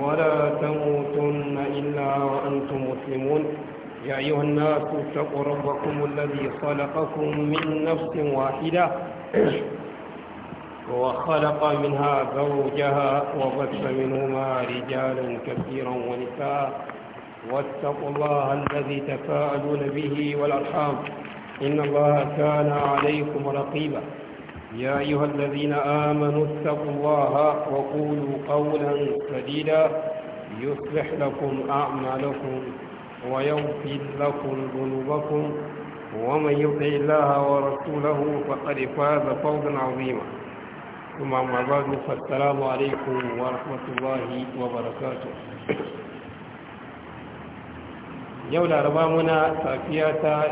ولا تموتن إلا وأنتم مسلمون يا أيها الناس اتقوا ربكم الذي خلقكم من نفس واحدة وخلق منها زوجها وبث منهما رجالا كثيرا ونساء واتقوا الله الذي تفاعلون به والأرحام إن الله كان عليكم رقيبا يا أيها الذين آمنوا اتقوا الله وقولوا قولا سديدا يصلح لكم أعمالكم ويغفر لكم ذنوبكم ومن يطع الله ورسوله فقد فاز فوزا عظيما ثم أما بعد فالسلام عليكم ورحمة الله وبركاته يولا ربامنا سافياتا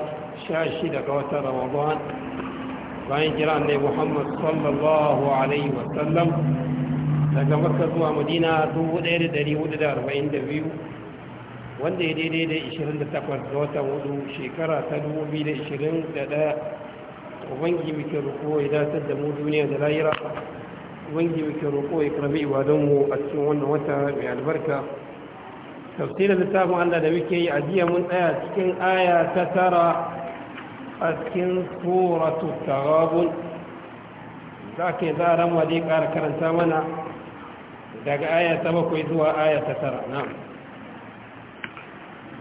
شاشي وترمضان رمضان bayan kira ne muhammad sallallahu alaihi wasallam daga makka zuwa madina 1442 wanda ya daidai da 28 ga watan hudu shekara ta 2021 ubangi muke roƙo ya datar da mu duniya da layira ubangi muke roƙo ya karbi ibadunmu a cikin wannan wata mai albarka tafsirin littafin allah da muke yi a jiya mun tsaya cikin aya ta tara أسكن سورة التغابن ذاك إذا رموا ذيك على كرنسا منع ذاك آية تبكو إذوها آية ترى نعم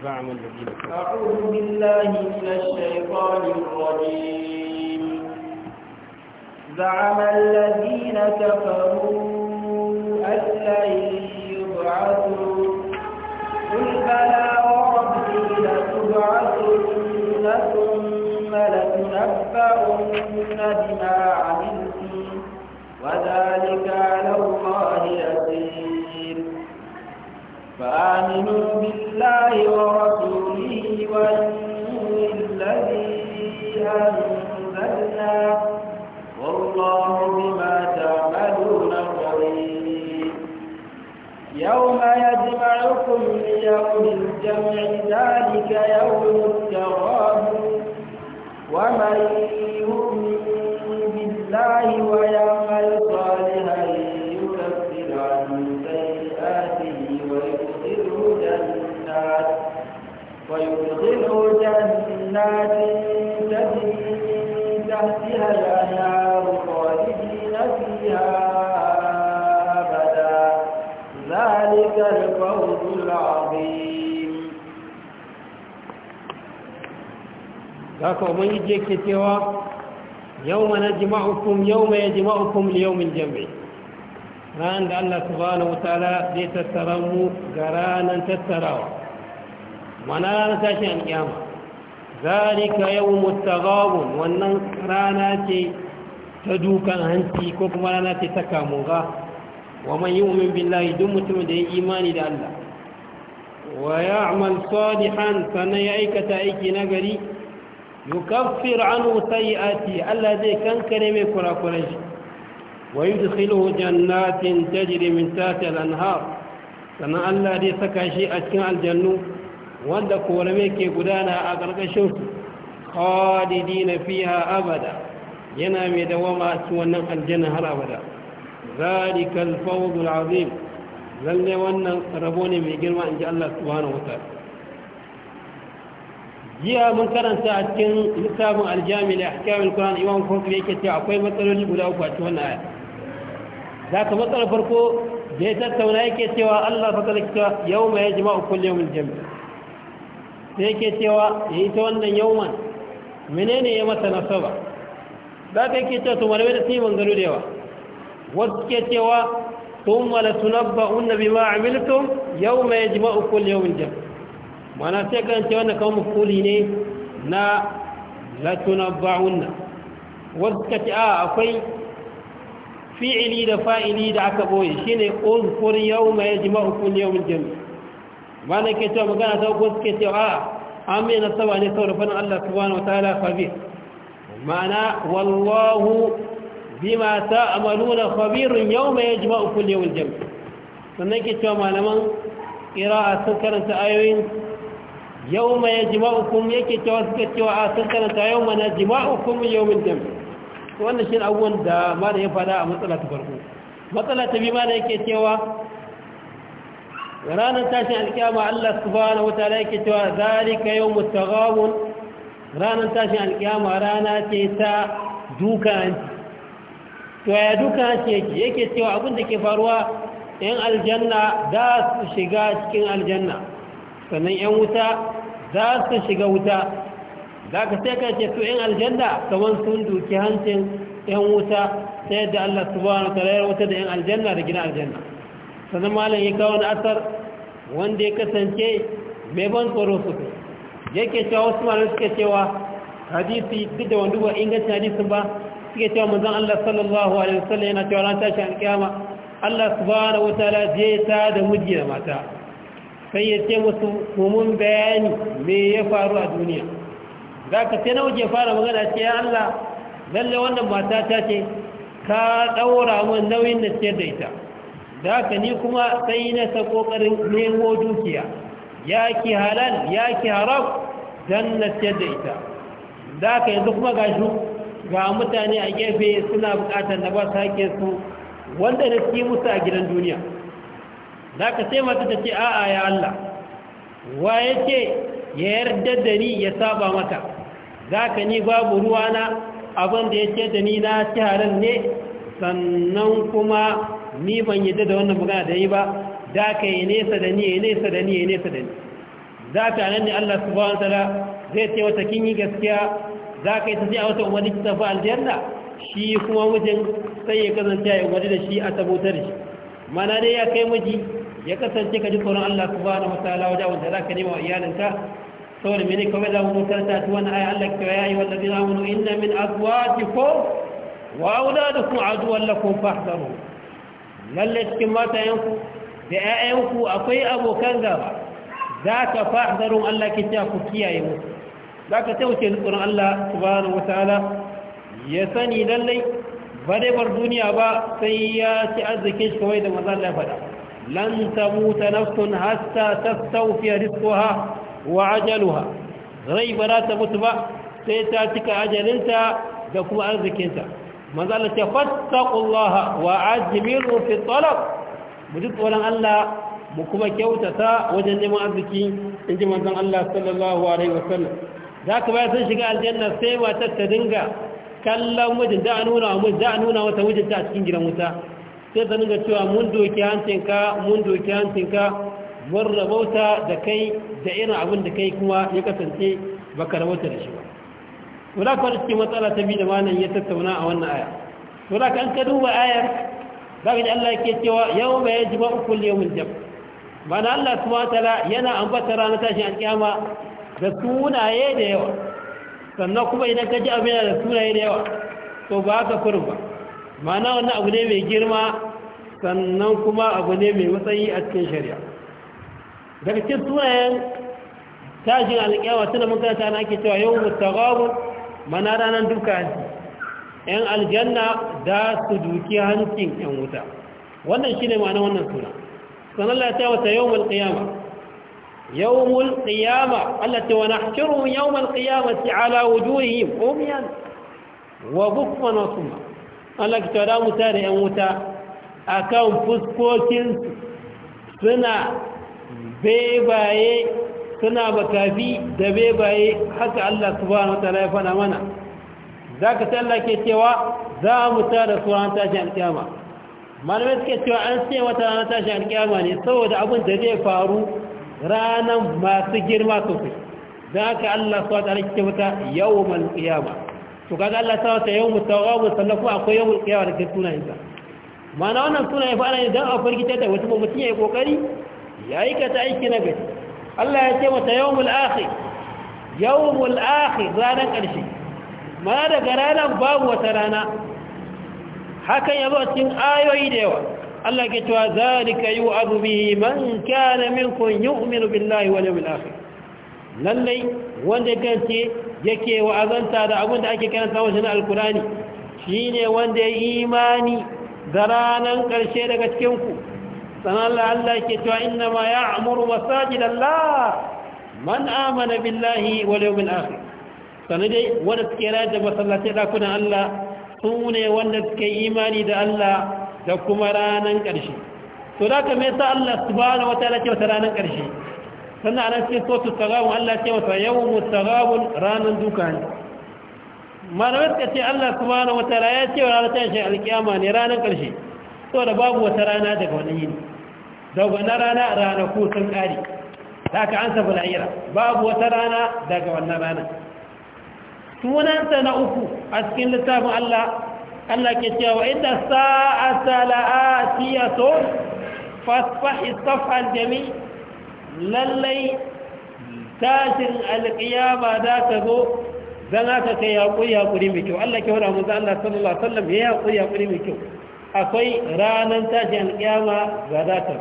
زعم الذين أعوذ بالله من الشيطان الرجيم زعم الذين كفروا أن لن يبعثوا قل بلى وربي لتبعثن ثم ثم لتنبؤن بما عملتم وذلك على الله يسير فآمنوا بالله ورسوله والنور الذي أنزلنا والله بما تعملون خبير يوم يجمعكم ليوم الجمع ذلك يوم التغابن ومن يؤمن بالله ويؤمن haka ubangiji yake cewa yau yawma najma'ukum yawma yajma'ukum li yawmil jam'i ran da Allah subhanahu wataala zai tattara mu ga ranar tattarawa mana ranar tashin alƙiyama zalika yawmut taghabun wannan rana ce ta dukan hanci ko kuma rana ce ta kamuga wa man yu'min billahi duk mutumin da ya imani da Allah wa ya ya'mal salihan sannan ya aikata aiki na gari yukaffir anhu sayyi'ati Allah zai kankare mai kurakurai shi wa yudkhiluhu jannatin tajri min tahtiha al-anhar sannan Allah zai saka shi a cikin aljannu wanda korame ke gudana a ƙarƙashin su khalidina fiha abada yana mai dawama a cikin wannan aljanna har abada zalikal fawzul azim lalle wannan rabo ne mai girma in ji Allah subhanahu wa ta'ala jiya mun karanta a cikin littafin aljami da ahkamul qur'an imam kurtubi yake cewa akwai matsaloli guda uku a cikin wannan aya ka matsalar farko da ya tattauna yake cewa Allah fa kalaka yawma yajma'u kullu yawmin jami' sai yake cewa ya yi ta wannan yawman menene ya mata nasaba ka yake cewa to malamai da timin gano da yawa wasu ke cewa thumma latunabba'unna ma amiltum yawma yajma'u kullu yawmin jami' mana sai karance wannan kawo mafuli ne na latuna ba'unna wasu ka a akwai fi'ili da fa'ili da aka boye shi ne uzkur yau mai jima'u kun yau min jami ba ke cewa magana ta uku suke cewa a an mai nasaba ne sau da fana allah subhanahu wa ta'ala khabir Mana wallahu bima ta amaluna khabirun yau mai jima'u kun yau min jami sannan ke cewa malaman ƙira'a sun karanta ayoyin yau ma ya jima'ukum yake cewa suka cewa a sun karanta yau ma na jima'ukum yau min jami wannan shi abubuwan da ma da ya fada a matsala ta farko matsala ta biyu ma da yake cewa ranar tashin alkiyama Allah wuta da ya yake cewa zalika yawmut taghabun ranar tashin alkiyama rana ce ta duka hanci to ya duka hanci ya yake cewa abin da ke faruwa yan aljanna za su shiga cikin aljanna sannan yan wuta za su shiga wuta za ka sai ka ce su ‘yan aljanna kamar sun duki hancin ‘yan wuta ta yadda Allah subhanahu wa ta'ala wuta da ‘yan aljanna da gina aljanna sannan malam ya kawo asar wanda ya kasance mai ban tsoro ke yake cewa wasu malam suke cewa hadisi duk da wanda ba ingancin hadisin ba suke cewa manzon Allah sallallahu alaihi wasallam yana cewa ran tashi an kiyama Allah subhanahu wa ta'ala zai ta da miji mata sai ya ce musu mumun bayani me ya faru a duniya za ka sai na waje fara magana ce ya Allah lalle wannan mata ta ce ka ɗaura min nauyin da ce da ita za ka ni kuma sai na sa ƙoƙarin nemo dukiya ya ki halal ya ki haram don na ce da ita za ka yanzu kuma ga shi ga mutane a gefe suna buƙatar na ba su haƙe su wanda na ci musu a gidan duniya za ka sai mata ta ce a'a ya Allah wa ya ce ya yarda da ni ya saba mata za ka ni babu ruwana abin da ya ce da ni na ci ne sannan kuma ni ban yi da wannan magana da yi ba za ka yi nesa da ni ya nesa da ni ya nesa da ni za ka nan ne Allah su bawan tara zai ce wata kin yi gaskiya za ka yi ta ce a wata umarni ta tafi aljanna shi kuma mijin sai ya kasance ya umarni da shi a tabbatar shi mana dai ya kai miji ya kasance ka ji tsoron Allah su subhanahu wataala wajen wanda za ka nema wa iyalinka saboda mini kawai za mu karanta ta wani aya Allah ke ya yi wallazi na amunu inna min azwajikum wa auladakum aduwwan lakum fahdharu lalle cikin matayenku da 'ya'yanku akwai abokan gaba za ka fahdharu Allah ke ta ku kiyaye mu za ka tauke tsoron Allah su subhanahu wataala ya sani lallai ba dai bar duniya ba sai ya ci arzikin shi kawai da manzon Allah ya faɗa لن تموت نفس حتى تستوفي رزقها وعجلها rai ba za ta mutu ba sai ta cika ajalinta da kuma arzikinta manzala ce fattakullah wa ajmiru fi talab mu ji tsoron Allah mu kuma kyautata wajen neman arziki in ji Allah sallallahu alaihi wasallam za ka bayan sun shiga aljanna sai matar ta dinga kallon mijin da a nuna wa mijin da a nuna ta a cikin gidan wuta sai ta da cewa mun doki hancinka mun doki hancinka mun rabauta da kai da irin abin da kai kuma ya kasance baka ka rabauta da shi ba wadda kwa cikin matsala ta bi da manan ya tattauna a wannan aya wadda ka ka duba ayar za ka ji allah ke cewa yau mai yaji ba uku mun jam ba na allah su matala yana ambata ranar tashin alƙyama da sunaye da yawa sannan kuma idan ka ji abin da sunaye da yawa to ba ka kurin ba mana wannan abu ne mai girma sannan kuma abu ne mai matsayi a cikin shari'a daga cikin sunayen tashin alƙiyawa tana makarata na ake cewa yau mutagabun mana ranar duka hanci ‘yan aljanna da su duki hancin ‘yan wuta wannan shi ne ma'ana wannan suna sannan lati wata yau mulkiyama yau mulkiyama allati wa nahshiru yau mulkiyama ala wujuhihim umiyan wa bukman wa suma Allah ka wuta da ‘yan wuta a kan fuskokin suna bebaye suna bakafi da bebaye haka Allah subhanahu wa ta'ala ya fana mana za ka tsalla ke cewa za mu tara tsoron tashin alkyama malamai suke cewa an ce wata ranar tashin alkyama ne saboda abin da zai faru ranar masu girma sosai don haka Allah subhanahu wa ta'ala ke wuta yawon alkyama to kaga Allah ta wata yau mutawabu sannan kuma akwai yau kiyawa da kai sunayen sa ma'ana wannan sunaye fa ana yin dan a farkita da wata mutum yayi kokari yayi ka ta aiki na gari Allah ya ce mata yawmul akhir yawmul akhir ranar karshe ma daga ranar babu wata rana Haka yazo cikin ayoyi da yawa Allah ke cewa zalika yu'adhu bihi man kana minkum yu'minu billahi wal yawmil akhir lallai wanda kance yake wa'azanta da abinda ake karanta wajen alkurani ne wanda ya imani da ranar ƙarshe daga cikinku sanallah da Allah ke cewa inna ma ya amuru masajid Allah man amana billahi wal yawmil ahu dai wanda suke rayar da masallatai dakunan Allah su ne wanda suke imani da Allah da kuma ranar ƙarshe to da ka me Allah subhanahu wataala ce wata ranar ƙarshe sannan ana cikin sotu tagabun Allah ce wata yawon tagabun ranar duka ne malamai suka ce Allah kuma na wata ya ce wa ranar tashin alkiyama ne ranar ƙarshe so da babu wata rana daga wani yini daga wani rana ranaku sun kare? ta ka ansa bala'ira. babu wata rana daga wannan rana Sunanta na uku a cikin littafin Allah Allah ke cewa inda sa'ata la'atiya so fasfahi safhan jami'i lallai tashin alƙiyama za ta zo don haka kai haƙuri haƙuri mai kyau Allah ke wada musa Allah sallallahu alaihi wasallam ya haƙuri haƙuri mai kyau akwai ranar tashin alƙiyama ga za ta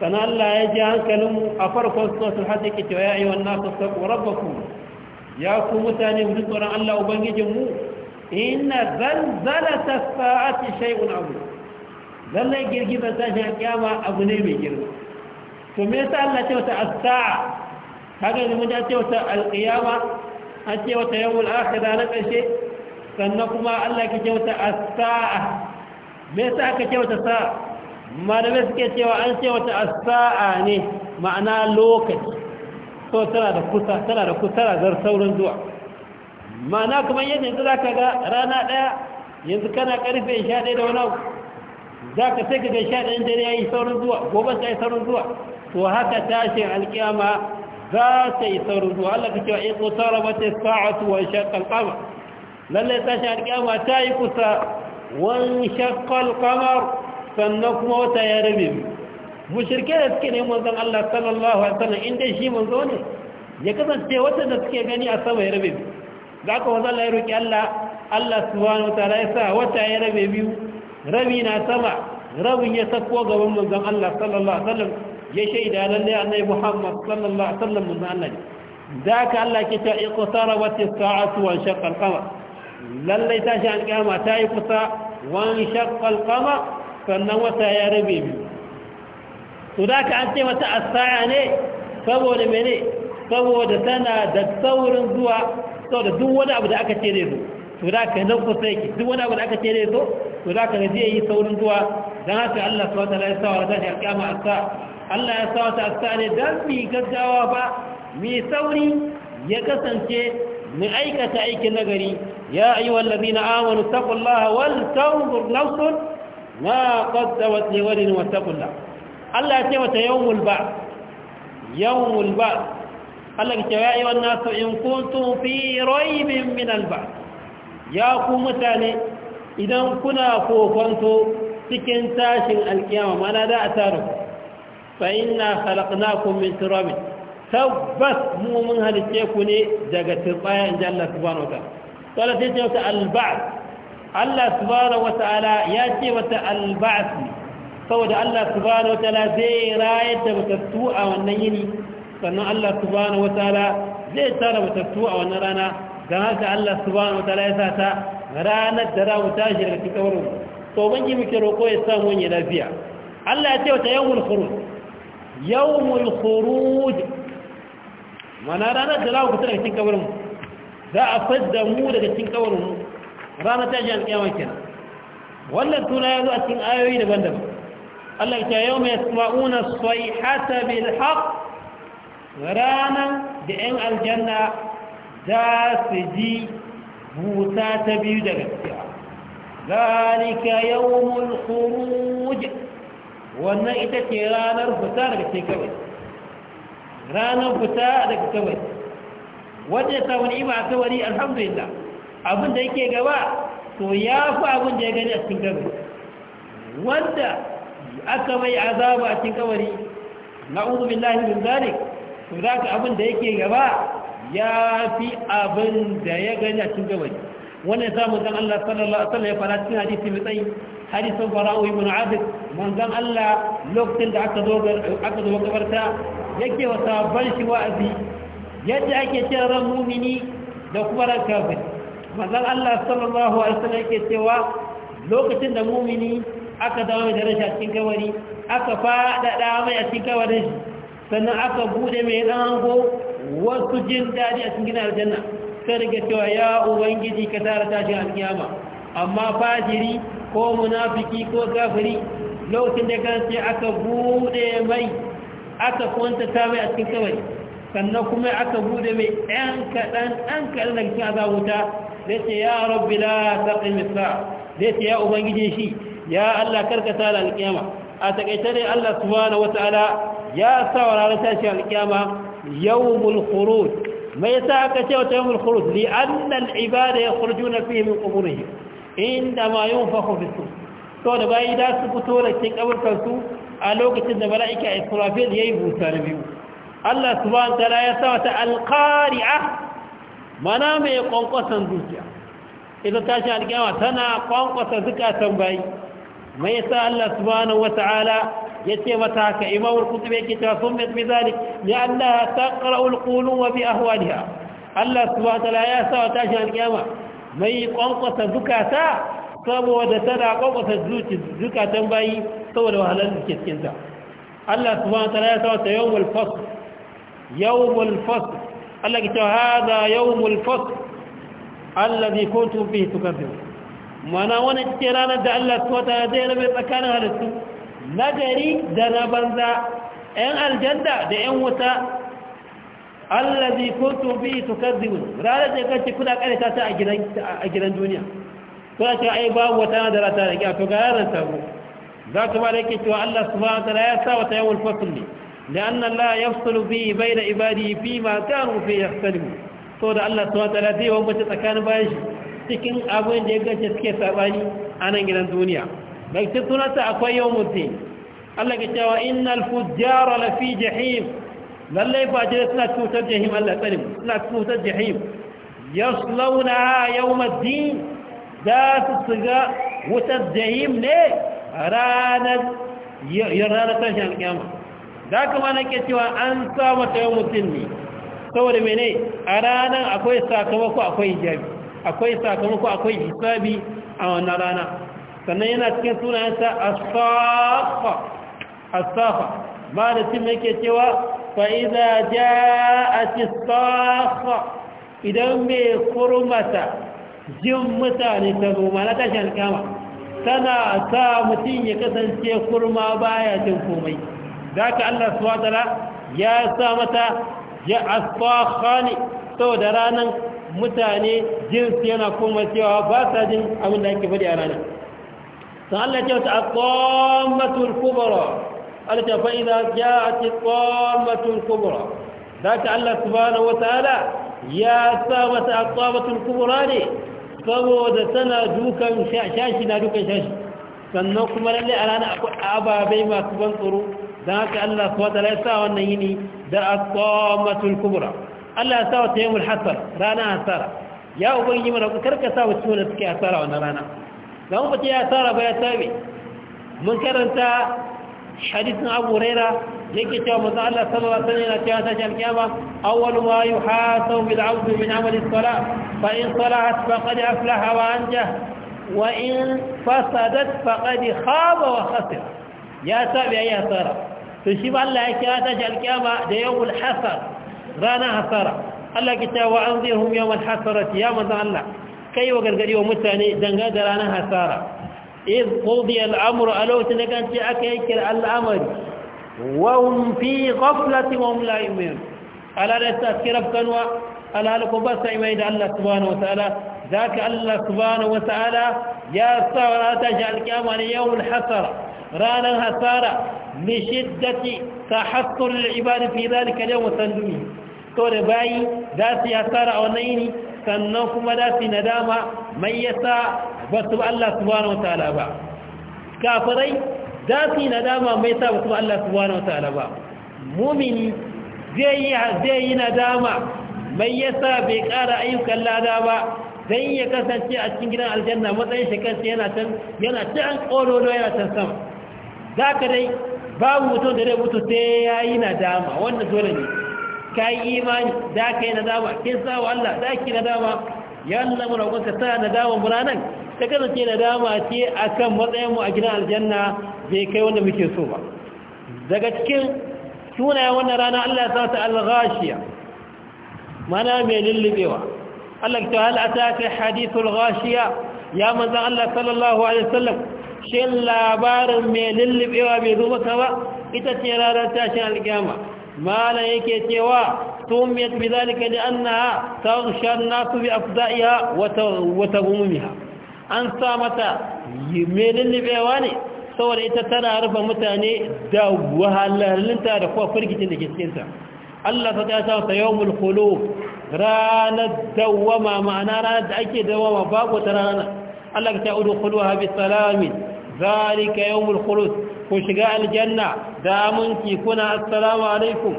sana Allah ya ji hankalin a farkon sosul hajji ke cewa ya yi wannan sassaƙo ku ya ku mutane mu tsoron Allah ubangijinmu inna zalzalata sa'ati shay'un abu lallai girgizar tashin alƙiyama abu ne mai girma to me yasa Allah ce wata as-sa'a kaga ne mun ce wata al-qiyama an ce wata yawul akhira na kashe sannan kuma Allah ke ce wata as-sa'a me yasa aka ce wata sa'a malamai suke cewa an ce wata as-sa'a ne ma'ana lokaci to tana da kusa tana da kusa da sauran zuwa ma'ana kuma yadda yanzu zaka ga rana daya yanzu kana karfe 11 da wani abu za ka sai ka ga sha ɗayan dare ya yi saurin zuwa gobe ta yi saurin zuwa to haka tashin alƙiyama za ta yi saurin zuwa Allah ka cewa in tsotara ba ta sa'atu wa shakkal kama lallai tashin alƙiyama ta yi kusa wan shakkal kamar sannan kuma wata ya rabe mushirke da suke neman zan Allah sallallahu alaihi wasallam inda shi manzo ne ya kasance wata da suke gani a sama ya rabe za ka wanzu Allah ya roƙi Allah Allah subhanahu wa ta'ala ya sa wata ya rabe biyu Rabi na sama rabin ya sako gaban manzon Allah sallallahu alaihi wasallam ya shaida a annabi Muhammad sallallahu alaihi wasallam manzon Allah ne zaka Allah ke ta iqtara wa tisa'atu wa shaqqa al-qamar lalle ta shi an kiyama ta yi kusa wa shaqqa sannan wata ya rabe bi to zaka an ce mata asaya ne saboda mene tana da saurin zuwa saboda duk wani abu da aka ce zai zo to da ka nan kusa yake duk wani abu da aka ce ne so to da ka zai yi saurin zuwa dan haka Allah subhanahu wataala ya sa wa tashi a asa Allah ya sa wata ta asa ne dan mi gaggawa ba mi sauri ya kasance mu aikata aikin nagari ya ayyuhal ladina amanu taqullaha wal tanzur nafsun ma qaddamat liwadin wa taqullah Allah ya ce mata yawmul ba yawmul ba Allah ya ce ya ayyuhan nasu in kuntum fi raybin min al-ba'th ya ku mutane idan kuna kokonto cikin tashin alkiyama mana da a taru fa na khalaqnakum min turabin tabbas mu mun halice ku ne daga turbayan jallar Allah subhanahu wataala kala sai ce wata alba'th Allah subhanahu wataala ya ce wata ne. saboda Allah subhanahu wataala zai rayar da matattu a wannan yini sannan Allah subhanahu wataala zai tara matattu a wannan rana don haka Allah subhanahu wa ta'ala ya sa ta ranar da za mu tashi daga cikin wurin ban bangi muke roƙo ya samu wani lafiya Allah ya ce wata yawmul khuruj yawmul khuruj mana ranar da za ku fita daga cikin kabarin za a fadda mu daga cikin kabarin ranar tashi alƙiyama kenan wannan suna ya zo a cikin ayoyi daban-daban Allah ya ce yau mai sama'una sai hata bil haq ranan da 'yan aljanna za su ji busa ta biyu da gaskiya zalika yawmul khuruj wannan ita ce ranar fita daga cikin kabari ranar fita daga kabari wanda ya wani ni'ima a wani alhamdulillah abin da yake gaba to ya fi abin da ya gani a cikin kabari wanda aka mai azaba a cikin kawari, na'udhu billahi min zalik to zaka abin da yake gaba ya fi abin da ya gani a cikin gabani wannan za mu zan Allah sallallahu alaihi ya fara cikin hadisi mai tsayi hadisin bara'u ibn abid manzon Allah lokacin da aka zo aka zo kabarta yake wa sabban shi wa'azi yadda ake cewa ran mumini da kuma ran kafir manzon Allah sallallahu alaihi wasallam yake cewa lokacin da mumini aka dawo da rashi a cikin kabari aka faɗaɗa mai a cikin kabarin sannan aka bude mai ɗan hango wasu jin daɗi a cikin gina aljanna sai rage cewa ya ubangiji ka tara tashin alkiyama amma fajiri ko munafiki ko kafiri lokacin da kan ce aka bude mai aka kwanta ta mai a cikin kawai sannan kuma aka bude mai ɗan kaɗan ɗan kaɗan daga cikin azabuta zai ce ya rabbi la sarɗin misra zai ce ya ubangiji shi ya allah ka tara alkiyama a taƙaice dai allah subhanahu wataala ya sa wa ranar tashi alkiyama yawmul khuruj me yasa aka ce wata yawmul khuruj li anna al ibada yakhrujuna fihi min quburihim inda ma yunfakhu fi sur to da bayi da su fito da cikin kaburkan su a lokacin da mala'ika Israfil yayi busa na biyu Allah subhanahu ta'ala ya sa wata alqari'a mana mai kwankwasan zuciya ita tashi alƙiyama tana kwankwasa zukatan bayi mai yasa Allah subhanahu wa ta'ala Ya yace mata haka imam al-qutubi yake cewa summat bi zalik li annaha taqra'u al wa bi ahwaliha Allah subhanahu wa ta'ala ya sa ta shi al-qiyama mai kwankwasa zukata saboda tana kwankwasa zuci zukatan bayi saboda wahalar da ke cikin ta Allah subhanahu wa ta'ala ya sa ta yawmul fasl yawmul fasl Allah ke cewa hada yawmul fasl alladhi kuntum bihi tukadzibun mana wani ce ranar da Allah subhanahu wa ta'ala zai rabe tsakanin halittu Na gari da na banza ‘yan aljanda da ‘yan wuta allazi kuntum bi tukazzibun Rana da kace kuna karanta ta a gidan a gidan duniya kuna cewa ai babu wata da rata da kiyato ga yaran ta go za ka ba da yake cewa Allah subhanahu wa ta'ala ya sa wata yawul fasl ne لأن الله يفصل به بين عباده فيما da Allah يختلفون سورة الله سبحانه وتعالى دي وما bayan shi cikin abin da ya gace suke sabani a nan gidan duniya bai ci sunanta akwai yawon mutum Allah ke cewa innal fujjara la fi jahim lallai ba jira suna cutar jahim Allah tsare mu suna cutar jahim yaslawna yawmad din da su shiga wutar jahim ne ranar ranar tashin alƙiyama da kuma na ke cewa an sa mata yawmad din ne saboda mene a ranar akwai sakamako akwai hijabi akwai sakamako akwai hisabi a wannan rana sannan yana cikin sunayensa asfafa asafa safa malamin yake cewa fa idza ja'at as idan me kurmata jin mutane ta zo mana ta kama tana sa mutum ya kasance kurma baya jin komai zaka Allah subhanahu wa ya sa mata ya sau saboda ranar mutane jinsi yana kuma cewa ba sa jin abin da ake faɗi a ranar sun kyauta ce wata akwammatul kubara alta fa idza ja'at qamatul kubra zaka Allah subhanahu wataala ya sa mata qamatul kubra ne saboda tana dukan shashi na dukan shashi sannan kuma lalle a ranar akwai ababai masu ban tsoro don haka Allah su wata ya sa wannan yini da aqamatul kubra Allah ya sa wata yamul hasar rana hasara ya ubangi mana ku ka sa wa ciwon suke asara wannan rana za mu fata ya hasara ba ya tabe mun karanta حديث أبو هريرة لكي الله صلى الله عليه وسلم إلى تياسة الكيامة أول ما يحاسب بالعبد من عمل الصلاة فإن صلحت فقد أفلح وأنجح وإن فسدت فقد خاب وخسر يا سابع يا سارة تشيب الله تياسة الكيامة دي يوم الحسر رانا حسارة الله كتاب وأنظرهم يوم الحسرة يا مزعل الله كي وقال قريب ومتاني دنقاد رانا حسارة iz qudiya al-amru a lokacin da kan ce aka yanke al'amari wa hum fi ghaflatin wa hum la yu'minun ala da kanwa ala alku basa imai da Allah subhanahu wa ta'ala zaka Allah subhanahu wa ta'ala ya sa wa ta ji al-qiyama ne yawmul hasara ranar hasara li shiddati tahassur al-ibad fi dhalika al-yawm wa tandumihi to da bayi za su yi hasara a wannan yini sannan kuma za su nadama mai yasa ba su ba Allah subhanahu wataala ba kafirai za su yi nadama mai sa ba su ba Allah subhanahu wataala ba mumini zai yi nadama mai yasa bai ƙara ayyukan lada ba dan ya kasance a cikin gidan aljanna matsayin shi kansa yana can yana can kololo yana can sama ka dai babu mutum da zai mutu sai ya yi nadama wannan dole ne kai imani da yi nadama kin wa Allah da kai nadama ya Allah mu roƙon ka sa nadama mu ranan ta kasance nadama ce a kan matsayinmu a gidan aljanna bai kai wanda muke so ba daga cikin sunayen wannan rana Allah ya sa ta al-ghashiya mana mai lullubewa Allah ta hal ataka hadithul ghashiya ya manzo Allah sallallahu alaihi sallam shi labarin mai lullubewa mai zo maka ba ita ce ranar tashin alkyama mana yake cewa tummiyat bidhalika li'annaha taghsha an-nasu bi afda'iha wa taghumumiha an sa mata mai lullubewa ne saboda ita tana rufe mutane da wahalarlinta da kuwa firgitin da ke Allah ta sa ta yau mulkulu ranar dawama ma'ana ranar da ake dawama babu ta ranar Allah ta udu kulu habi salamin zalika yau mulkulu ku shiga aljanna da aminci kuna assalamu alaikum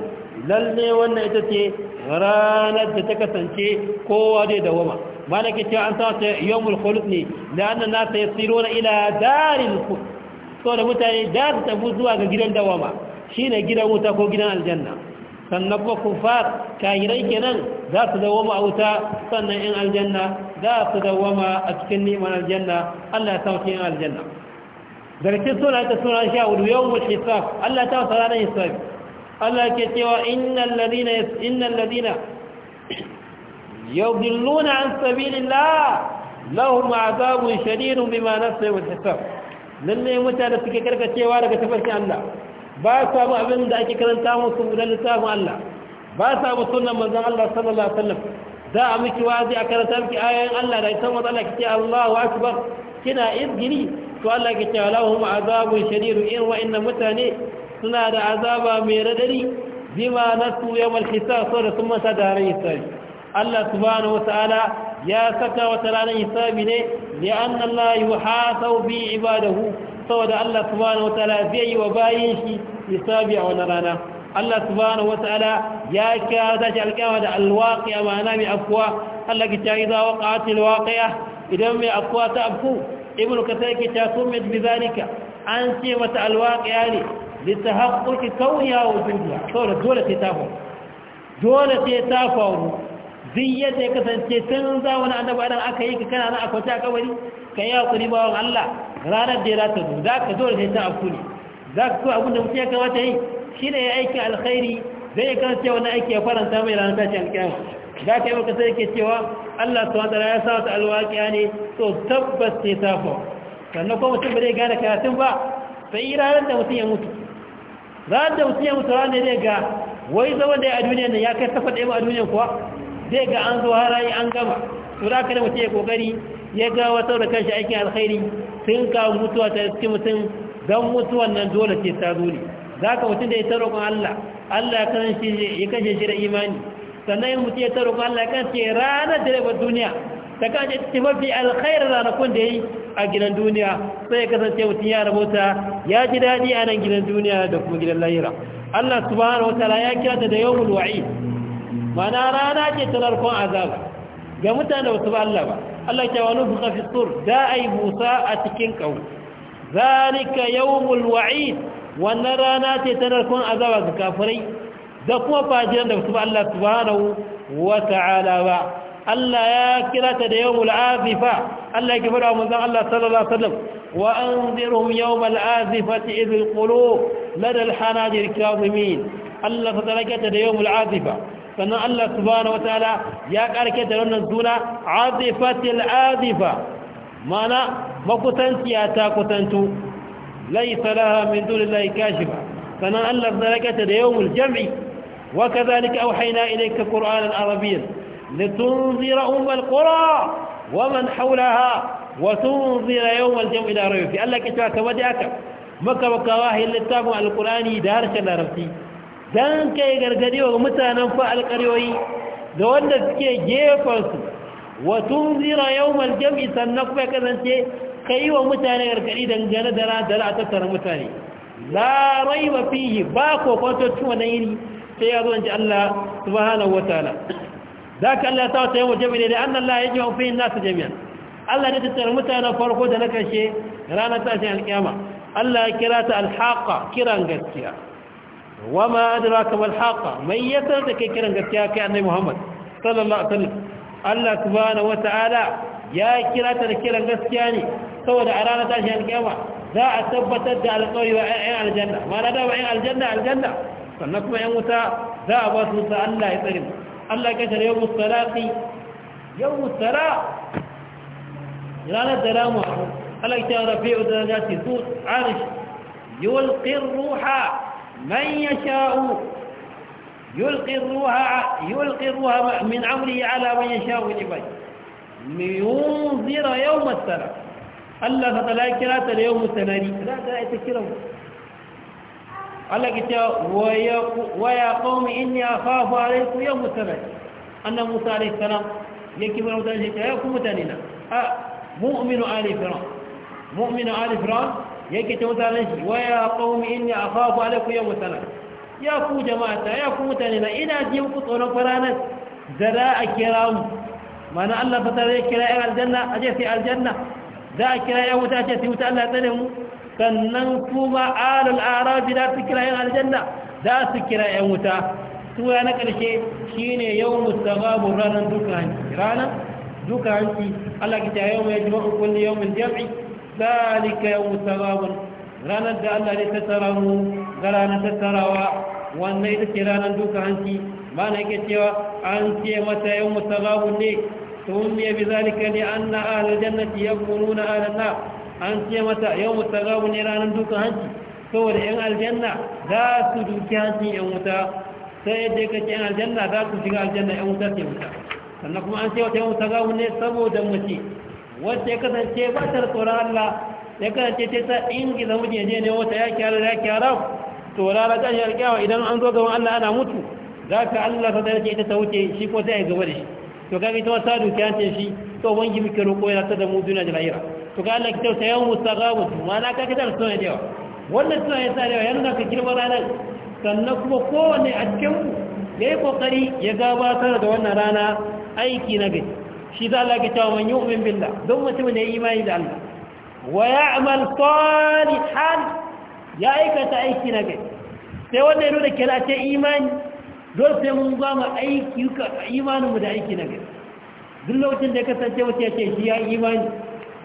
lalle wannan ita ce ranar da ta kasance kowa zai dawama ke cewa an sa ta yawon khulud ne da annan nasa na ila daril so saboda mutane da su tafi zuwa ga gidan dawama shi ne gidan wuta ko gidan aljanna sannan kuma kufar kayirai kenan za su dawama a wuta sannan 'yan aljanna za su dawama a cikin neman aljanna Allah ya sauke 'yan aljanna zarkin suna ta suna sha hudu yawon sa, Allah ta wasa ranar hisabi Allah ke cewa innal ladina يضلون عن سبيل الله لهم عذاب شديد بما نسوا الحساب lalle mutane suke karkacewa daga tafarki Allah ba sa mu abin da ake karanta musu da littafin Allah ba sa mu sunnan manzon Allah sallallahu alaihi wasallam da a miki wazi a karanta miki ayoyin Allah da san wanda Allah kike Allahu akbar kina izgiri to Allah kike lahum azabun shadid in wa inna mutane suna da azaba mai radari bima na nasu yawmal hisab da sun masa da ranar hisabi Allah subhanahu wata'ala ya saka wata ranar hisabi ne li'anna Allah yuhasabu bi ibadahu saboda Allah subhanahu ta'ala zai yi wa bayin shi hisabi a wani rana Allah subhanahu wata'ala ya kira ta shi alƙama da alwaqi'a ma'ana mai afkuwa Allah ki ta idza waqa'atil waqi'a idan mai afkuwa ta afku ibnu kasai ki ta sumit bi zalika an ce mata alwaqi'a ne لتحقق كونها وجودها Dole sai ta تافر duk yadda ya kasance tun za wani annabi adam aka yi ka kana na a a kabari ka yi hakuri wani Allah ranar da ya rata zuwa za ka zo da ta afku ne za ka so abinda mutum ya kamata yi shi ne ya aiki alkhairi zai ya kasance wani aiki ya faranta mai ranar tashi alkiyama za ka yi maka sai ke cewa Allah su wata ya sa wata alwaƙiya ne so tabbas sai ta fa sannan kuma mutum ba zai gane karatun ba sai ranar da mutum ya mutu ranar da mutum ya mutu ranar da ya ga wai zaman da ya a duniya nan ya kai da ya ba a duniyar kuwa zai ga an zo harayi an gama to za ka da mutum ya kokari ya gawa wata da kanshi aikin alkhairi sun kawo mutuwa ta cikin mutum don mutuwan nan dole ce ta zo ne za ka mutum da ya ta roƙon Allah Allah ya kan shi ya kashe shi da imani sannan yin mutum ya ta roƙon Allah ya kan ce ranar da rabar duniya ta kan ce ta mafi alkhairar ranakun da ya yi a gidan duniya sai ya kasance mutum ya rabota ya ji daɗi a nan gidan duniya da kuma gidan lahira Allah subhanahu wa ta'ala ya kira ta da yawon wa'id mana rana ce ta narkon azaba ga mutane wasu ba Allah ba Allah ke wani fuka fitur da a yi busa a cikin ƙau zalika yawmul wa'id wannan rana ce ta narkon azaba ga kafirai da kuma fajiran da wasu ba Allah subhanahu wa ta'ala ba Allah ya kira ta da yawmul azifa Allah ya ke fara manzon Allah sallallahu alaihi wasallam wa anzirhum yawmal azifati idh alqulub lada alhanajir kadhimin Allah ta tarakata da yawmul azifa sannan Allah subhanahu wataala ya karke da wannan suna azifatil azifa mana makusanciya ta kusantu laysa laha min dunillahi kashifa sannan Allah ta da yawmul jam'i wa kadhalika awhayna ilayka qur'anan arabiyyan litunzira ummal qura wa man hawlaha wa tunzira yawmal jam'i la rayba fi Allah kace kamar da haka maka bakawa hin littafin alqur'ani da harshen larabci don kai gargadi wa mutanen fa alƙaryoyi da wanda suke gefansu wa tunzira yawmal jam'i sannan kuma kasance kai wa mutane gargadi dangane da ranar a tattara mutane la raiba fihi ba ko kwanto cin wannan sai ya zo in ji Allah subhanahu wataala zaka Allah ta wata yawa jami'a da annan Allah ya fi wa fihin nasu jami'a Allah ne tattara mutanen farko da na kashe ranar tashin alƙiyama Allah ya kira ta alhaqa kiran gaskiya wa ma adraka wal haqa mai yasar da kai kiran gaskiya kai annabi Muhammad sallallahu alaihi wasallam Allah subhanahu wata'ala ya kira ta da kiran gaskiya ne saboda a ranar tashi alƙiyama za a tabbatar da alƙawari wa ƴan aljanna ma na da wa ƴan aljanna aljanna sannan kuma ƴan wuta za a ba su wuta Allah ya tsare Allah ya kace yawmus salati yawmus sala ranar da ramu Allah ya ce rafi'u darajati su arish yulqi ruha من يشاء يلقي الروح يلقي الروح من امره على من يشاء من عباده لينذر يوم السلام الله تعالى كراته ليوم السناري لا تعالى تكرم الله كتاب ويا قوم اني اخاف عليكم يوم السناري ان موسى عليه السلام yake mana mutane shi ya ku mutane na a mu'minu ali fir'aun mu'minu ali fir'aun yake ta mutanen shi wa ya a inni akhafu alaykum yawm sana ya ku jama'a ya ku mutane na ina ji ku tsoron faranan da za a kira mu mana Allah fa tare kira ya aljanna a aje sai aljanna za a kira ya wuta ce sai wuta Allah tsare mu sannan kuma alul arabi da su kira ya aljanna za su kira ya wuta sura na karshe shine ranar duka hanci dukan duka hanci Allah ki ta yau yawma yajma'u kulli mai jam'i ذلك يوم التغابن ranar da Allah ne tattara mu ga ranar tattarawa wannan ita ce ranar duka hanci ba na yake cewa an ce mata yau musagabun ne tun miya bi zalika ne an na ahalar ya kunu na an ce mata yau musagabun ne ranar duka hanci saboda yan aljanna za su duki hancin yan wuta sai yadda yake yan aljanna za su shiga aljanna yan wuta ce wuta sannan kuma an ce wata yau musagabun ne saboda mace wacce ya kasance ba ta tsoron Allah ya kasance ta sa ingiza mutum ya je ne wata ya kyara ya kyara to rana ta shi alƙawa idan an zo gaban Allah ana mutu za ka Allah ta tsaye ita ta wuce shi ko sai ya gaba da shi to ka ita wata dukiya ce shi to wangi muke roƙo yana ta da mu duniya da lahira to ka Allah ki tausa yau mutu ma na ka kitar sunan da yawa wannan suna ya sa da yawa yana ka girma ranar sannan kuma kowane a cikin mu ya yi kokari ya gabatar da wannan rana aiki na gari shi za Allah ga cewa man yu'min billah don mutum ne ya imani da Allah wa ya'mal hal. ya aikata aiki na gari sai wanda ya nuna kira ce imani don sai mun ba mu aiki imanin mu da aiki na gari duk lokacin da ya kasance mutum ya ce shi ya imani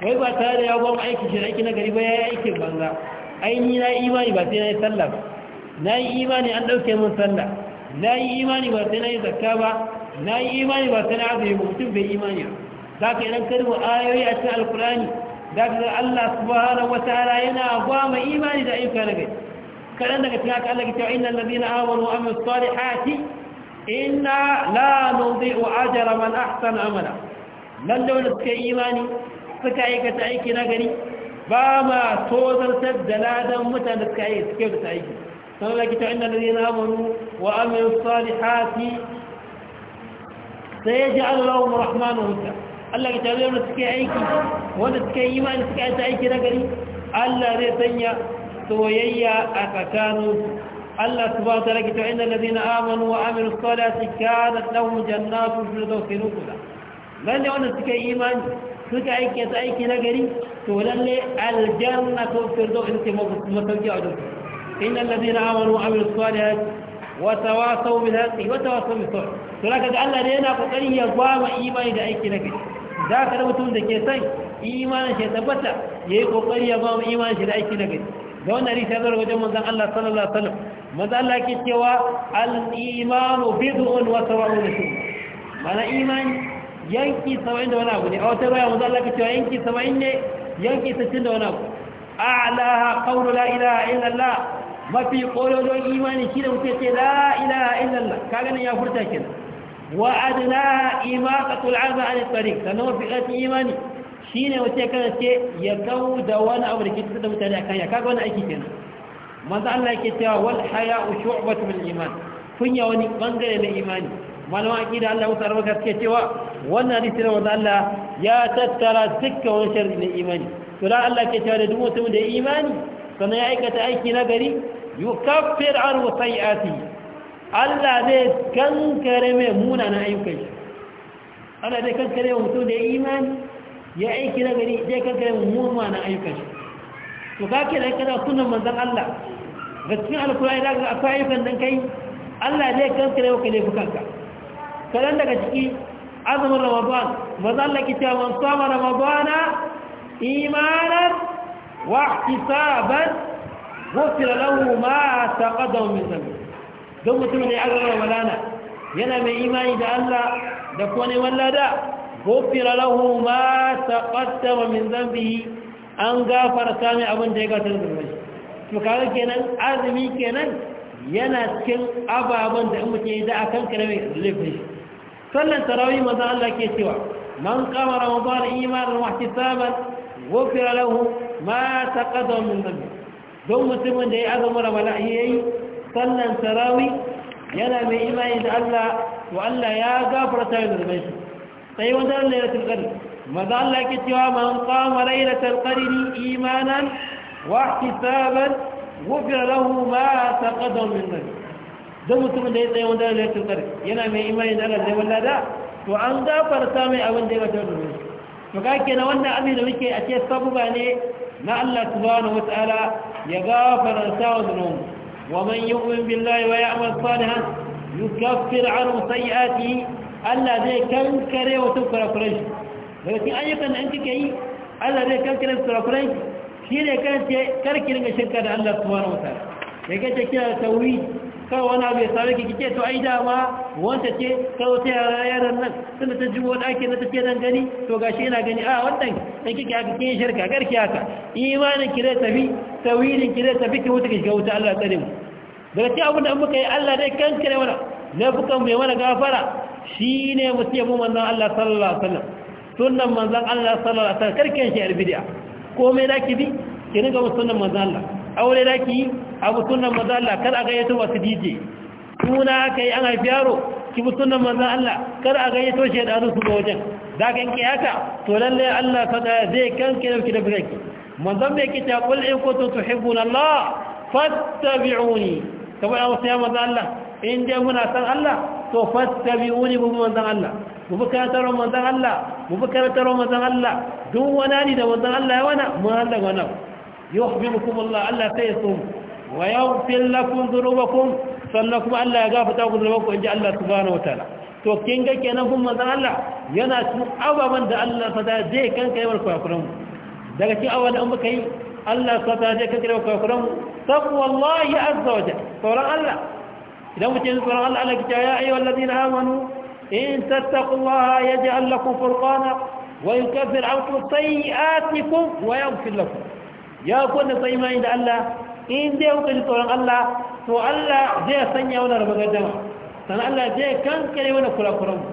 wai ba tare da ya ba mu aiki shi aiki na gari ba ya yi aikin banza aini na imani ba sai na yi sallah ba na yi imani an ɗauke mun sallah na yi imani ba sai na yi zakka ba na yi imani ba sana azumi ba mutum bai imani ba. za ka idan karbi ayoyi a cikin alkurani za ka ga allah subhanahu wataala yana gwama imani da ayyuka na gai kaɗan daga cikin haka allah ke cewa inna allazina amanu wa amilu salihati inna la nudhi'u ajra man ahsana amala da wanda suka yi imani suka aikata aiki na gari ba ma tozartar da ladan mutane suka yi suke da aiki sannan da kita inda da zai namanu wa amin salihati سيجعل لهم الرحمن ودا Allah ya tare da suke aiki wanda suke imani suke aiki na gari Allah zai sanya soyayya a tsakanin Allah subhanahu wa ta'ala ki ta'inna allazina amanu wa amilus salati kanat lahum jannatu firdausi nuzula lalle wanda suke imani suke aiki aiki na gari to lalle aljannatu وتواصوا بالحق وتواصوا To فلك ga Allah ne yana kokarin ya gwama imani da aiki nake zaka da mutum da ke san imanin shi tabbata yayi kokari ya gwama imanin shi da aiki na nake da wannan hadisi ya zo wajen manzon Allah sallallahu alaihi wasallam manzon Allah yake cewa al-imanu bid'un wa sawa'un mana imani yanki 70 da wani abu ne a wata ruwaya manzon Allah yake cewa yanki 70 ne yanki 60 da wani abu a'laha qawlu la ilaha illa Allah mafi kololon imani shi da muke ce la ilaha illallah ka ganin ya furta kin wa adna imaqatul azza an tariq sannan mafi ƙarfin imani Shi ne wace kana ce ya kawo da wani abu da ke tsada da mutane akan ya kaga wani aiki kenan manzo Allah yake cewa wal haya'u shu'batu min iman Kun ya wani bangare na imani malama akida Allah wasu arba suke cewa wannan hadisi da manzo Allah ya tattara dukkan wani sharri na imani to da Allah ke cewa da duk mutum da imani sannan ya aikata aiki na gari yukaffir an wasai'ati Allah zai kankare mai munanan ayyukan shi Allah zai kankare wa mutum da ya imani ya aiki na gari zai kankare wa munanan ayyukan shi to ka ke da kana sunan manzon Allah ga cikin alkurani da ga akwai ayyukan dan kai Allah zai kankare wa kale kanka. kadan daga ciki azumin ramadan manzon Allah ki cewa man sama ramadana Imanar, wa ihtisaban غفر له ما تقدم من ذنبه don mutum ne an rarraba lana yana mai imani da Allah da kuma neman lada gofira lahu ma taqaddama min dhanbihi an gafarta mai abin da ya gatar da shi to kaga kenan azumi kenan yana cikin ababen da in mutum ya da akan kare mai laifin sallan tarawih maza Allah ke cewa man qama ramadan imanan wa ihtisaban gofira lahu ma taqaddama min dhanbihi don mutumin da ya azumin ramadan ya yi sallan sarawi yana mai imani da Allah wa Allah ya gafarta da zunubai shi sai wanda Allah ya tilkar maza Allah ke cewa man kama qama lailatul qadr imanan wa ihtisaban ghufira lahu ma taqaddama min dhanbi don mutumin da ya tsaye wanda Allah ya tilkar yana mai imani da Allah zai wallada to an gafarta mai abin da ya gata da zunubai to kake na wannan abin da muke a ce sabuba ne na Allah subhanahu wa ta'ala ya gafara sa wa wa man yu'min billahi wa ya'mal salihan yukaffir anhu sayyi'atihi Allah zai kankare wa tukura kurai daga cikin ayyukan da an kike yi Allah zai kankare wa tukura kurai shine kace karki ringa shirka da Allah subhanahu wa ta'ala yake ce kina tawhid kawai wani abu ya same kike to ai dama wanda ce ta yara yaran nan suna ta jibo ɗaki na tafiye don gani to ga shi yana gani a ah, wannan ɗan kike haka kin shirka garki haka imanin ki zai tafi tawilin ki zai tafi ki wuta ki shiga wuta Allah tsare mu daga ce abin da muka yi Allah dai kankare mana na laifukan mai mana gafara shi ne mu ce mu manzan Allah sallallahu alaihi wasallam sunnan manzan Allah sallallahu alaihi wasallam karken shi albidiya komai da ki bi ki ringa mu sunnan manzan Allah aure da ki yi abu sunnan manzan Allah kar a gayyato wasu DJ suna aka yi an haifi yaro ki bi sunan manzan Allah kar a gayyato shi da su ga wajen za ka yanke haka to lalle Allah fada zai kanke dauki da birki manzan bai ki ta qul in kuntum tuhibbuna Allah fattabi'uni kamar an wasu ya manzan Allah in dai muna san Allah to fattabi'uni bu manzan Allah mu bi karantarwar manzan Allah mu bi karantarwar manzan Allah duk wani da manzan Allah ya wana mu hada wannan yuhibbukum Allah Allah sai ya so wa yaghfir lakum dhunubakum sannan kuma Allah ya gafarta ku zunubanku inji Allah subhanahu wataala to kin ga kenan kun manzon Allah yana cikin ababan da Allah fata zai kanka yawan kwakuran daga cikin ababan da muka yi Allah fata zai kanka yawan kwakuran taqwallahi azza wa jalla tsoron Allah idan mutum tsoron Allah Allah kiya ya ayyuhal ladina amanu in tattaqullaha yaj'al lakum furqana wa yukaffir ankum sayi'atikum wa yaghfir lakum ya kunna sai mai da Allah in dai kuka ji tsoron Allah to Allah zai sanya wani rubagaddama sannan Allah zai kankare wani kurakuranmu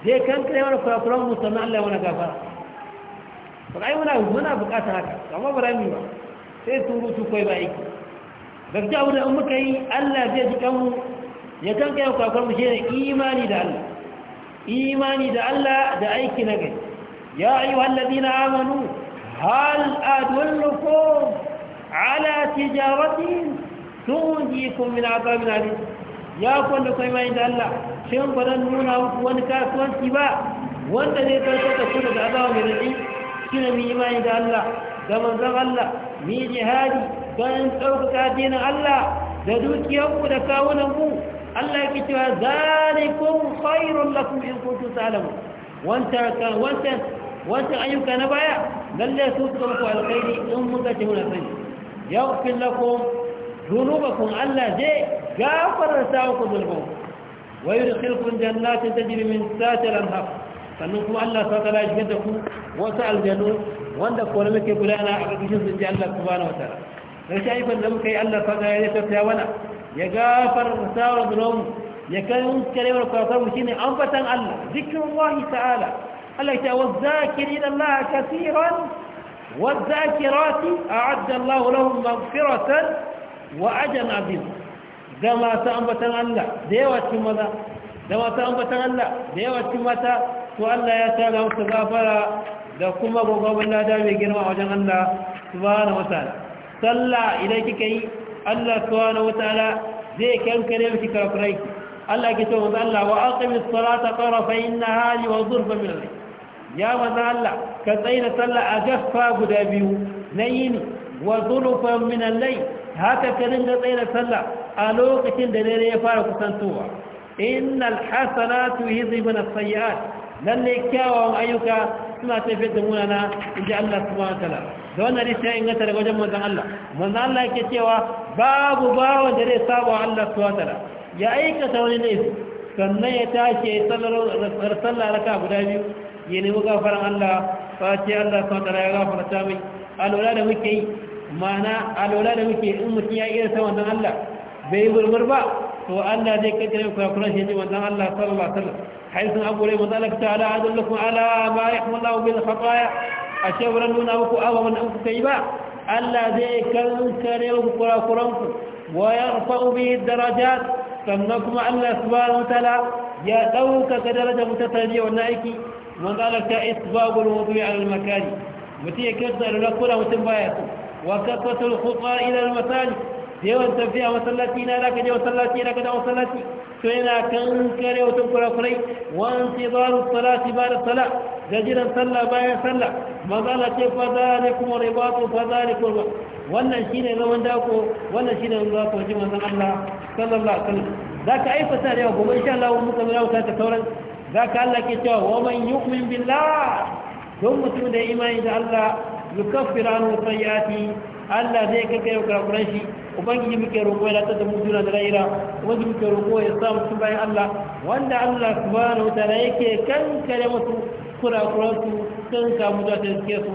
zai kankare wani kurakuranmu sannan Allah wani gafara ai muna muna bukatar haka amma ba rami ba sai sun turutu kai ba aiki gaskiya abu da in muka yi Allah zai ji kanmu ya kankare kurakuranmu shi ne imani da Allah imani da Allah da aiki na gari ya ayyuhal ladina amanu hal adullukum ala tijaratin tunjikum min azabin alim ya kwanda kai mai da Allah shin ba zan nuna muku wani kasuwanci ba wanda zai karkata ku da azaba mai radi shine mu imani da Allah da manzon Allah mu jihadi don ɗaukaka dinin Allah da dukiyanku da ku? Allah yake cewa zalikum khairul lakum in kuntum ta'lamun wanta wanta wanta ayyuka na baya lalle su suka muku alkhairi in mun ga tawala sani yaghfir lakum ذنوبكم الله زي غافر رساوكم ذنوبكم ويدخلكم جنات تجري من تحتها الانهار فنكم الله da ku وسع aljanu. wanda kuwa muke gudana a ƙarƙashin sun ji Allah subhanahu wa ta'ala dan shaifan da muka yi Allah fada ya tafiya wana ya gafarta wa zulum ya kan karewar kwatar mu shine an fatan Allah zikirin wahi ta'ala Allah ya wa zakirin Allah kaseeran wa zakirati a'adda Allah lahum wa ajan da masu ambatan Allah da yawacin maza da masu ambatan Allah da yawacin mata to Allah ya tara wata gafara da kuma gogogon lada mai girma a wajen Allah su ba subhanahu wataala sallah idan kika yi Allah su subhanahu wataala zai kankare miki kafirai Allah ke ce manzo Allah wa aqimis salata tarafay nahari wa zurfa min al ya manzo Allah ka tsaina sallah a gaffa guda biyu na yini wa zurfa min al-layl haka ka da tsaye da sallah a lokacin da dare ya fara kusantowa innal hasanatu yuzhibun as-sayyi'at lalle kyawawan ayyuka suna tafiyar da munana inji Allah subhanahu wataala da wannan hadisi ya inganta daga wajen manzon Allah manzon Allah yake cewa babu bawa da zai saba Allah subhanahu tala. ya aikata wani laifi sannan ya tashi ya sallar sallah raka guda biyu ya nemi gafaran Allah fa ce Allah subhanahu wataala ya gafarta min alwala da muke yi ma'ana alola da muke in mutum ya iya san wannan Allah bai gurgur ba to Allah zai kaddare ku kuma shi ne wannan Allah sallallahu alaihi wasallam haythu abu rai mazalaka ta'ala adallakum ala ma yahmulu bil khataaya ashe wurin nuna muku awa man an kai ba Allah zai kankare muku kurakuran ku wa yarfa'u bi darajat sannan kuma Allah subhanahu wa ta'ala ya dauka darajar mutane wannan aiki manzalaka isbagul wudu'i al makani mutum ya kirta da kula mutum baya so وكثرة الخطى إلى المساجد yawan tafiya masallaci na zaka je masallaci na kada masallaci to yana kan kare wutun kurakurai wan tibaru salati ba da sala da jiran sallah bayan sallah magana ce fa ne kuma zalikum ribatu fa ne ba. wannan shi ne zaman dako wannan shine zaman dako ji manzon Allah sallallahu alaihi wasallam zaka aikata da yawa, gobe insha Allah mun kamar ka ta sauran zaka Allah ke cewa wa man yu'min billah don mutum da imani da Allah yukaffir anhu sayyiati Allah zai kake yau kurakuran shi ubangiji muke roƙo ya latar da mu juna da raira ubangiji muke roƙo ya sa mutum bayan Allah wanda Allah subhanahu wataala yake kankare musu kurakuran su kan samu da tazkiya su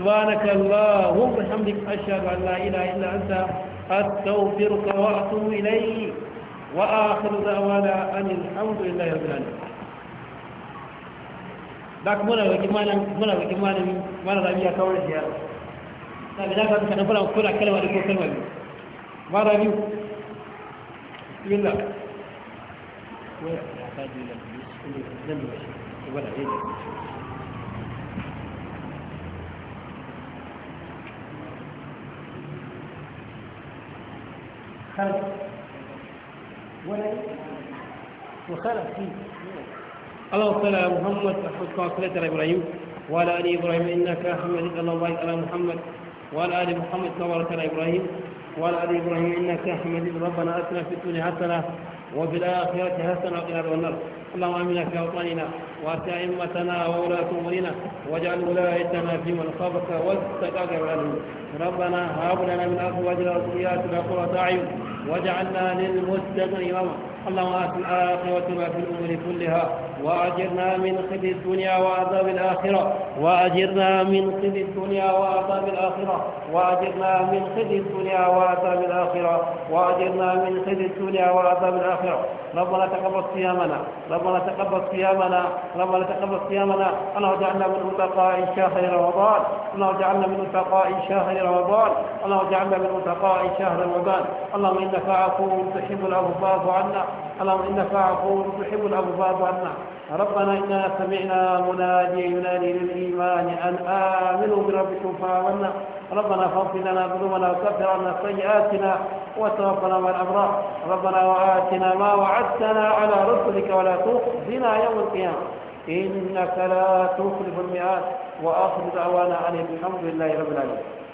subhanaka allahumma wa hamdika ashhadu an la ilaha illa anta astaghfiruka wa atubu ilayk wa akhiru da'wana anil hamdulillahi rabbil alamin ba ku muna roƙi malam muna roƙi malami malam rabi ya kawo ziyara da bi zaka ka fara ko da kalma da ko kalma ne ba rabi bismillah wa ya kaji da bismillah wala ne خرج ولا وخرج فيه اللهم صل على محمد كما صليت على إبراهيم وعلى آل إبراهيم إنك حميد الله على محمد وعلى آل محمد كما باركت على إبراهيم وعلى آل إبراهيم إنك حميد ربنا آتنا في الدنيا حسنة وفي الآخرة حسنة وقنا عذاب النار اللهم آمنا في أوطاننا وآت أئمتنا وولاة أمورنا واجعل ولايتنا في من خافك واتقاك العالمين ربنا هب لنا من أزواجنا وذرياتنا قرة أعين واجعلنا للمتقين إماما اللهم آتنا الآخرة في الأمور كلها وأجرنا من خزي الدنيا وعذاب الآخرة وأجرنا من خزي الدنيا وعذاب الآخرة وأجرنا من خزي الدنيا وعذاب الآخرة وأجرنا من خزي الدنيا وعذاب الآخرة ربنا تقبل صيامنا ربنا تقبل صيامنا ربنا تقبل صيامنا اللهم اجعلنا من متقاء شهر رمضان اللهم اجعلنا من متقاء شهر رمضان اللهم اجعلنا من متقاء شهر رمضان اللهم إنك عفو تحب العفو فاعف عنا اللهم إنك عفو تحب الأبواب عنا ربنا إنا سمعنا مناديا ينادي للإيمان أن آمنوا بربكم فآمنا ربنا فاغفر لنا ذنوبنا وكفر عنا سيئاتنا وتوفنا مع الأبرار ربنا وآتنا ما وعدتنا على رسلك ولا تخزنا يوم القيامة إنك لا تخلف المئات وآخر دعوانا أن الحمد لله رب العالمين